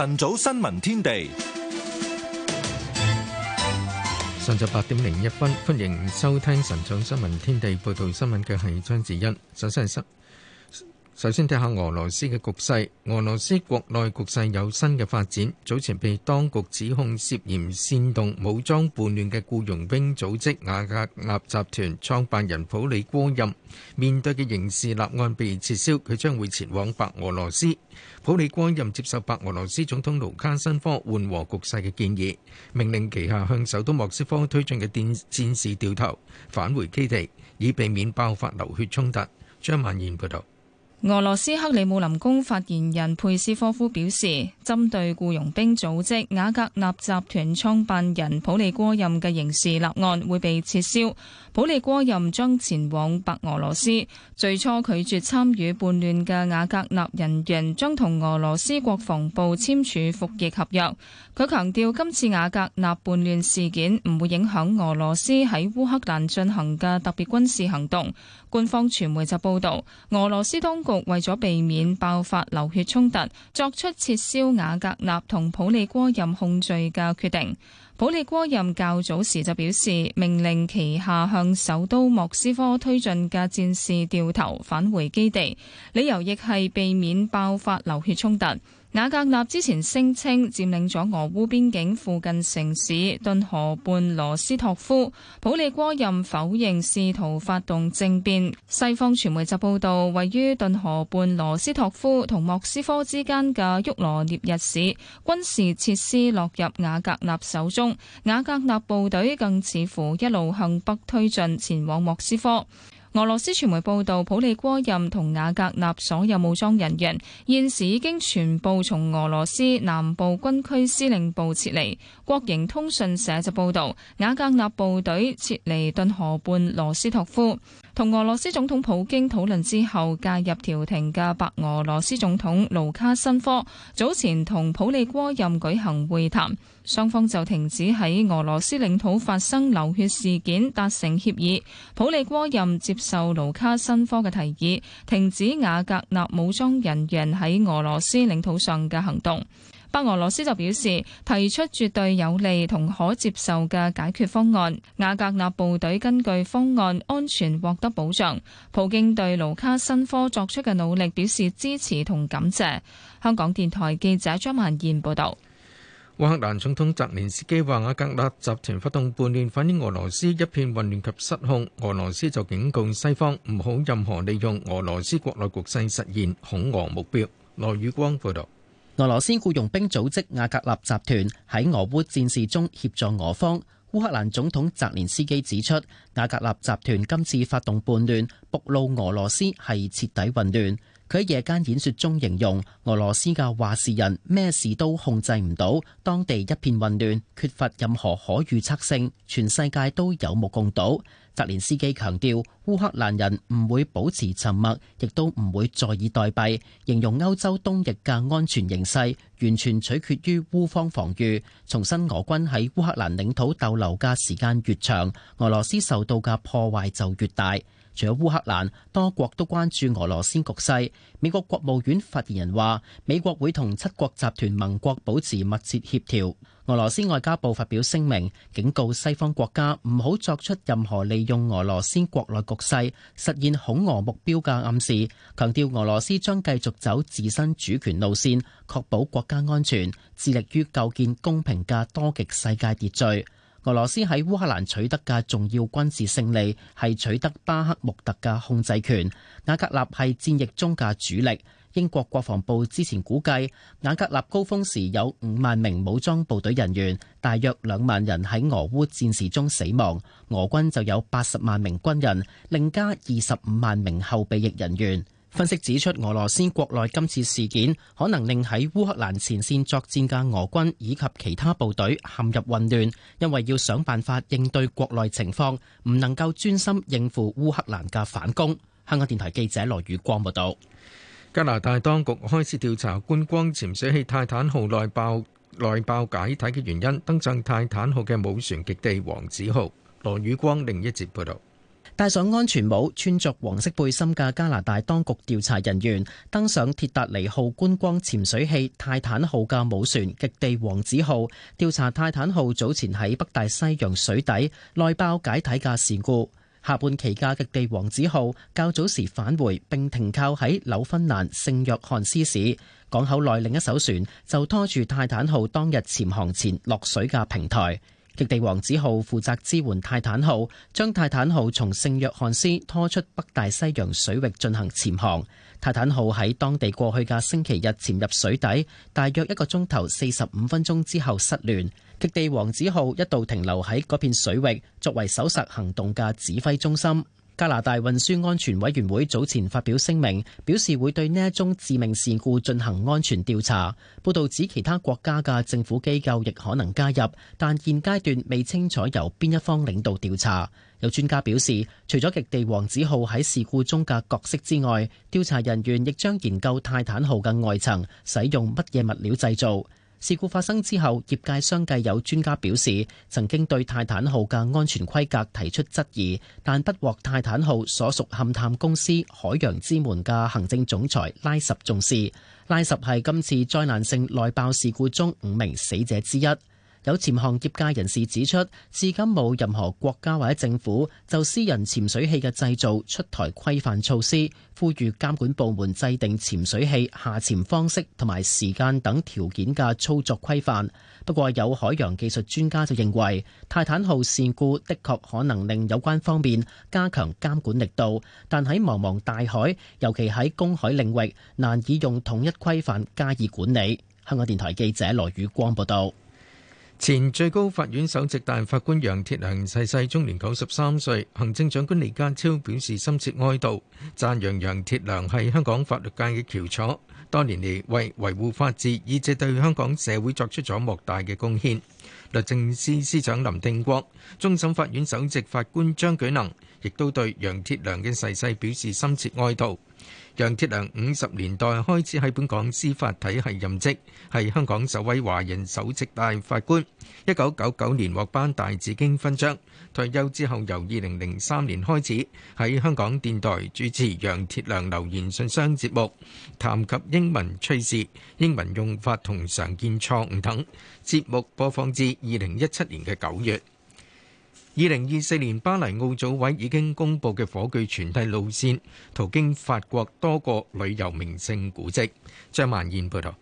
晨早新聞天地，上晝八點零一分，歡迎收聽晨早新聞天地，報道新聞嘅係張子欣，首先係新。首先睇下俄羅斯嘅局勢。俄羅斯國內局勢有新嘅發展。早前被當局指控涉嫌煽動武裝叛亂嘅僱傭兵組織瓦格納集團創辦人普里戈任面對嘅刑事立案被撤銷，佢將會前往白俄羅斯。普里戈任接受白俄羅斯總統盧卡申科緩和局勢嘅建議，命令旗下向首都莫斯科推進嘅電戰士掉頭返回基地，以避免爆發流血衝突。張曼燕報道。俄羅斯克里姆林宮發言人佩斯科夫表示，針對僱傭兵組織瓦格納集團創辦人普利戈任嘅刑事立案會被撤銷，普利戈任將前往白俄羅斯。最初拒絕參與叛亂嘅瓦格納人員將同俄羅斯國防部簽署服役合約。佢強調，今次瓦格納叛亂事件唔會影響俄羅斯喺烏克蘭進行嘅特別軍事行動。官方傳媒就報道，俄羅斯當為咗避免爆發流血衝突，作出撤銷瓦格納同普利戈任控罪嘅決定。普利戈任較早時就表示，命令旗下向首都莫斯科推進嘅戰士掉頭返回基地，理由亦係避免爆發流血衝突。瓦格納之前聲稱佔領咗俄烏邊境附近城市頓河畔羅斯托夫，普里戈任否認試圖發動政變。西方傳媒就報道，位於頓河畔羅斯托夫同莫斯科之間嘅沃羅涅日市軍事設施落入瓦格納手中，瓦格納部隊更似乎一路向北推進，前往莫斯科。俄羅斯傳媒報道，普利戈任同雅格納所有武裝人員現時已經全部從俄羅斯南部軍區司令部撤離。國營通訊社就報道，雅格納部隊撤離頓河畔羅斯托夫。同俄羅斯總統普京討論之後介入調停嘅白俄羅斯總統盧卡申科早前同普利戈任舉行會談。雙方就停止喺俄羅斯領土發生流血事件達成協議。普利戈任接受盧卡申科嘅提議，停止瓦格納武裝人員喺俄羅斯領土上嘅行動。白俄羅斯就表示，提出絕對有利同可接受嘅解決方案。瓦格納部隊根據方案安全獲得保障。普京對盧卡申科作出嘅努力表示支持同感謝。香港電台記者張曼燕報道。烏克蘭總統澤連斯基話，瓦格納集團發動叛亂，反映俄羅斯一片混亂及失控。俄羅斯就警告西方，唔好任何利用俄羅斯國內局勢實現恐俄目標。羅宇光報道，俄羅斯僱傭兵組織瓦格納集團喺俄烏戰事中協助俄方。烏克蘭總統澤連斯基指出，瓦格納集團今次發動叛亂，暴露俄羅斯係徹底混亂。佢喺夜間演說中形容俄羅斯嘅話事人咩事都控制唔到，當地一片混亂，缺乏任何可預測性，全世界都有目共睹。澤連斯基強調，烏克蘭人唔會保持沉默，亦都唔會坐以待斃。形容歐洲東翼嘅安全形勢完全取決於烏方防禦。重申俄軍喺烏克蘭領土逗留嘅時間越長，俄羅斯受到嘅破壞就越大。除咗烏克蘭，多國都關注俄羅斯局勢，美國國務院發言人話美國會同七國集團盟國保持密切協調。俄羅斯外交部發表聲明，警告西方國家唔好作出任何利用俄羅斯國內局勢實現恐俄目標嘅暗示，強調俄羅斯將繼續走自身主權路線，確保國家安全，致力於構建公平嘅多極世界秩序。俄羅斯喺烏克蘭取得嘅重要軍事勝利係取得巴克穆特嘅控制權。瓦格納係戰役中嘅主力。英國國防部之前估計，瓦格納高峰時有五萬名武裝部隊人員，大約兩萬人喺俄烏戰事中死亡。俄軍就有八十萬名軍人，另加二十五萬名後備役人員。分析指出，俄羅斯國內今次事件可能令喺烏克蘭前線作戰嘅俄軍以及其他部隊陷入混亂，因為要想辦法應對國內情況，唔能夠專心應付烏克蘭嘅反攻。香港電台記者羅宇光報道。加拿大當局開始調查觀光潛水器泰坦號內爆內爆解體嘅原因。登上泰坦號嘅母船極地王子號，羅宇光另一節報道。戴上安全帽，穿着黃色背心嘅加拿大當局調查人員登上鐵達尼號觀光潛水器泰坦號嘅母船極地王子號，調查泰坦號早前喺北大西洋水底內爆解體嘅事故。下半期嘅極地王子號較早時返回，並停靠喺紐芬蘭聖約翰斯市港口內，另一艘船就拖住泰坦號當日潛航前落水嘅平台。極地王子號負責支援泰坦號，將泰坦號從聖約翰斯拖出北大西洋水域進行潛航。泰坦號喺當地過去嘅星期日潛入水底，大約一個鐘頭四十五分鐘之後失聯。極地王子號一度停留喺嗰片水域，作為搜索行動嘅指揮中心。加拿大運輸安全委員會早前發表聲明，表示會對呢一宗致命事故進行安全調查。報道指其他國家嘅政府機構亦可能加入，但現階段未清楚由邊一方領導調查。有專家表示，除咗極地王子號喺事故中嘅角色之外，調查人員亦將研究泰坦號嘅外層使用乜嘢物料製造。事故發生之後，業界相繼有專家表示，曾經對泰坦號嘅安全規格提出質疑，但不獲泰坦號所屬勘探公司海洋之門嘅行政總裁拉什重視。拉什係今次災難性內爆事故中五名死者之一。有潛航業界人士指出，至今冇任何國家或者政府就私人潛水器嘅製造出台規範措施，呼籲監管部門制定潛水器下潛方式同埋時間等條件嘅操作規範。不過，有海洋技術專家就認為，泰坦號事故的確可能令有關方面加強監管力度，但喺茫茫大海，尤其喺公海領域，難以用統一規範加以管理。香港電台記者羅宇光報道。前最高法院首席大法官楊鐵良逝世，世，終年九十三歲。行政長官李家超表示深切哀悼，讚揚楊鐵良係香港法律界嘅翹楚，多年嚟為維護法治，以至對香港社會作出咗莫大嘅貢獻。律政司司長林定國、終審法院首席法官張舉能亦都對楊鐵良嘅逝世，世表示深切哀悼。楊鐵良五十年代開始喺本港司法體系任職，係香港首位華人首席大法官。一九九九年獲頒大紫荊勳章。退休之後，由二零零三年開始喺香港電台主持《楊鐵良留言信箱》節目，談及英文趣事、英文用法同常見錯誤等。節目播放至二零一七年嘅九月。二零二四年巴黎奧組委已經公布嘅火炬傳遞路線，途經法國多個旅遊名勝古蹟，張萬燕報道。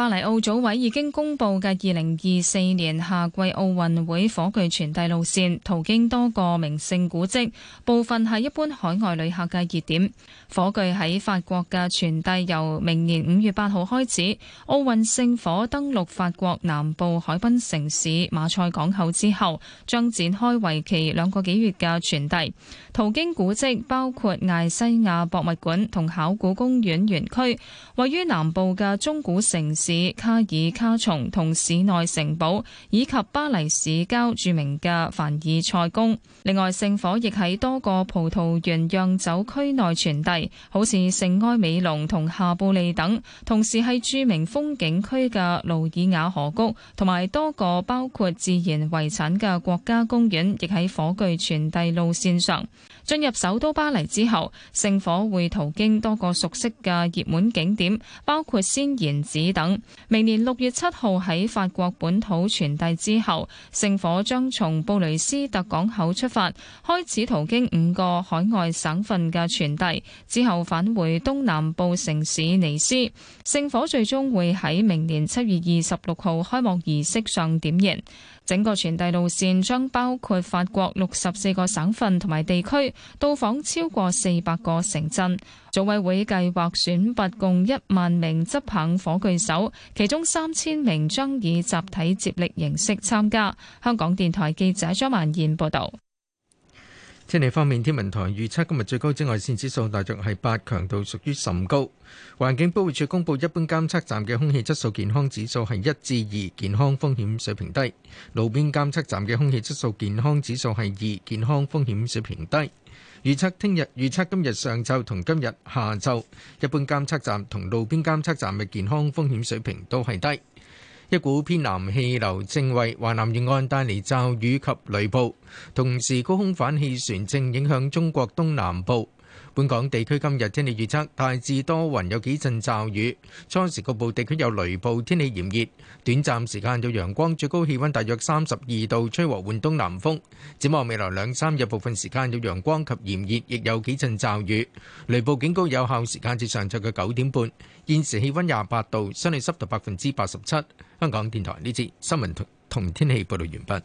巴黎奧組委已經公布嘅二零二四年夏季奧運會火炬傳遞路線，途經多個名勝古跡，部分係一般海外旅客嘅熱點。火炬喺法國嘅傳遞由明年五月八號開始，奧運聖火登陸法國南部海濱城市馬賽港口之後，將展開為期兩個幾月嘅傳遞，途經古跡包括艾西亞博物館同考古公園園區，位於南部嘅中古城市。市卡爾卡松同市內城堡，以及巴黎市郊著名嘅凡爾賽宮。另外，聖火亦喺多個葡萄園釀酒區內傳遞，好似聖埃美隆同夏布利等。同時，係著名風景區嘅路爾瓦河谷，同埋多個包括自然遺產嘅國家公園，亦喺火炬傳遞路線上。進入首都巴黎之後，聖火會途經多個熟悉嘅熱門景點，包括先賢祠等。明年六月七號喺法國本土傳遞之後，聖火將從布雷斯特港口出發，開始途經五個海外省份嘅傳遞，之後返回東南部城市尼斯。聖火最終會喺明年七月二十六號開幕儀式上點燃。整個傳遞路線將包括法國六十四個省份同埋地區，到訪超過四百個城鎮。組委會計劃選拔共一萬名執行火炬手，其中三千名將以集體接力形式參加。香港電台記者張曼燕報導。天氣方面，天文台預測今日最高紫外線指數大約係八，強度屬於甚高。環境保護署公布一般監測站嘅空氣質素健康指數係一至二，健康風險水平低；路邊監測站嘅空氣質素健康指數係二，健康風險水平低。預測聽日預測今日上晝同今日下晝，一般監測站同路邊監測站嘅健康風險水平都係低。一股偏南氣流正為華南沿岸帶嚟驟雨及雷暴，同時高空反氣旋正影響中國東南部。本港地區今日天氣預測，大致多雲，有幾陣驟雨，初時局部地區有雷暴，天氣炎熱，短暫時間有陽光，最高氣温大約三十二度，吹和緩東南風。展望未來兩三日，部分時間有陽光及炎熱，亦有幾陣驟雨，雷暴警告有效時間至上晝嘅九點半。現時氣温廿八度，相對濕度百分之八十七。香港電台呢節新聞同同天氣報道完畢。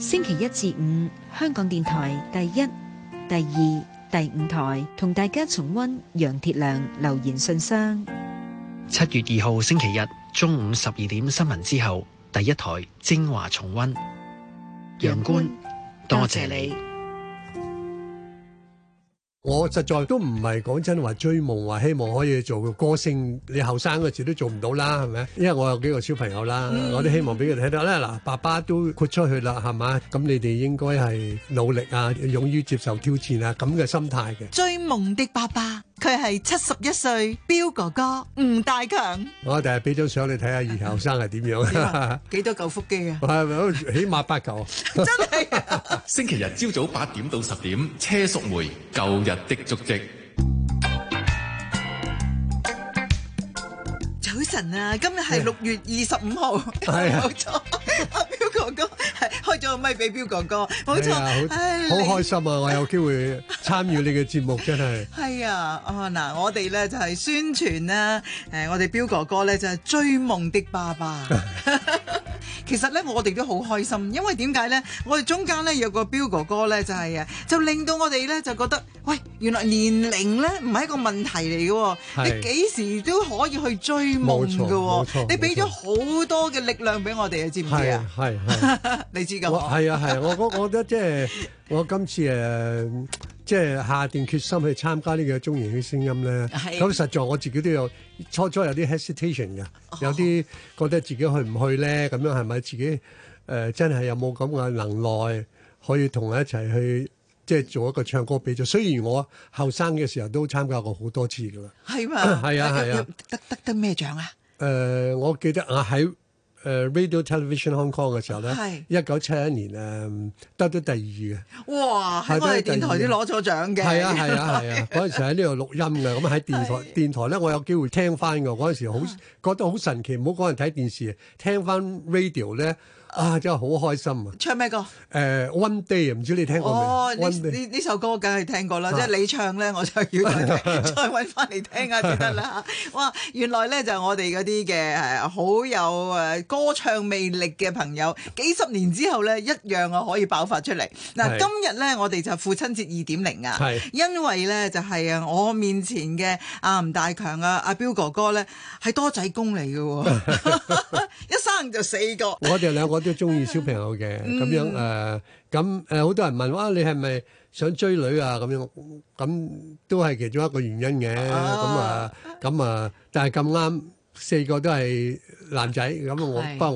星期一至五，香港電台第一、第二、第五台同大家重溫楊鐵良留言信箱。七月二號星期日中午十二點新聞之後，第一台精華重溫。楊官，多謝你。我實在都唔係講真話追夢，話希望可以做個歌星。你後生嗰時候都做唔到啦，係咪？因為我有幾個小朋友啦，嗯、我都希望俾佢哋睇到。爸爸都豁出去啦，係嘛？咁你哋應該係努力啊，勇於接受挑戰啊，咁嘅心態嘅。追夢的爸爸。佢係七十一歲彪哥哥吳大強，我第日俾張相你睇下，現後生係點樣啊？幾多舊腹肌啊？係咪？起碼八九，真係。星期日朝早八點到十點，車淑梅舊日的足迹。早晨啊，今日係六月二十五號，係冇錯。咁 係開咗個咪俾彪哥哥，冇錯，好、哎、開心啊！ 我有機會參與你嘅節目，真係係啊！嗱、哦，我哋咧就係、是、宣傳啦，誒、呃，我哋彪哥哥咧就係、是、追夢的爸爸。 其實咧，我哋都好開心，因為點解咧？我哋中間咧有個 Bill 哥哥咧，就係、是、啊，就令到我哋咧就覺得，喂，原來年齡咧唔係一個問題嚟嘅，是你幾時都可以去追夢嘅喎，你俾咗好多嘅力量俾我哋啊，知唔知啊？係 你知嘅，我係啊係，我我覺得即係我今次誒。Uh, 即係下定決心去參加呢個中年嘅聲音咧，咁是實在我自己都有初初有啲 hesitation 嘅、哦，有啲覺得自己去唔去咧，咁樣係咪自己誒、呃、真係有冇咁嘅能耐可以同佢一齊去即係做一個唱歌比賽？雖然我後生嘅時候都參加過好多次噶啦，係嘛嗎，係啊係啊，啊啊得得得咩獎啊？誒、呃，我記得我喺。誒 Radio Television Hong Kong 嘅時候咧，一九七一年咧、嗯、得咗第二嘅，哇！喺、哦、我哋電台都攞咗獎嘅，係啊係啊係啊！嗰陣、啊啊啊、 時喺呢度錄音嘅，咁喺電台是電台咧，我有機會聽翻嘅，嗰陣時好、嗯、覺得好神奇，唔好講人睇電視，聽翻 radio 咧。啊！真係好開心啊！唱咩歌？誒、呃、One Day 唔知你聽過未？哦，呢呢首歌梗係聽過啦，即係、啊、你唱咧，我就要再揾翻嚟聽下先得啦！ 哇，原來咧就係我哋嗰啲嘅好有誒歌唱魅力嘅朋友，幾十年之後咧一樣啊可以爆發出嚟。嗱、啊，今日咧我哋就父親節二點零啊，是因為咧就係啊我面前嘅阿、啊、吳大強啊阿彪、啊、哥哥咧係多仔公嚟嘅喎，一生就四個，我哋兩個。都中意小朋友嘅，咁樣，誒，咁，誒好多人問哇，你係咪想追女啊？咁樣，咁都係其中一個原因嘅。咁啊、so，咁啊，但係咁啱四個都係男仔，咁我不過我。